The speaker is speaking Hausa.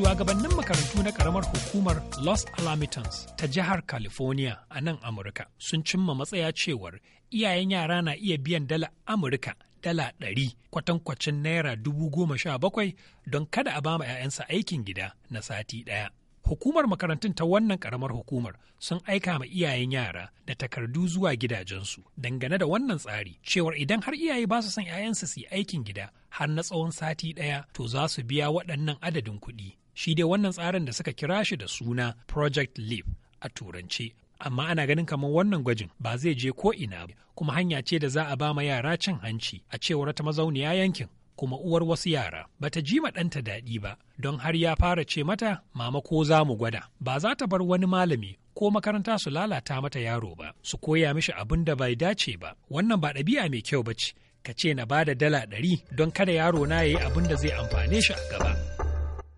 shugabannin makarantu na karamar hukumar Los Alamitans ta jihar California a nan Amurka sun cimma matsaya cewar iyayen yara na iya biyan dala Amurka dala ɗari kwatankwacin naira dubu goma sha bakwai don kada a bama 'ya'yansa aikin gida na sati ɗaya. hukumar makarantun ta wannan karamar hukumar sun aika ma iyayen yara da takardu zuwa gidajensu dangane da wannan tsari cewar idan har iyaye ba su son 'ya'yansu su yi aikin gida har na tsawon sati ɗaya to za su biya waɗannan adadin kuɗi shi dai wannan tsarin da suka kira shi da suna project LEAF a turance amma ana ganin kamar wannan gwajin ba zai je ko ina ba kuma hanya ce da za a ba ma yara cin hanci a cewar ta mazauniya yankin kuma uwar wasu yara. ba ta ji ma ɗanta daɗi ba, don har ya fara ce mata, mama ko za mu gwada. Ba za ta bar wani malami ko makaranta su lalata mata yaro ba, su koya mishi abin da bai dace ba. Wannan ba ɗabi'a mai kyau ba ce, ka ce na ba da dala ɗari don kada yaro na ya yi abin da zai amfane shi a gaba.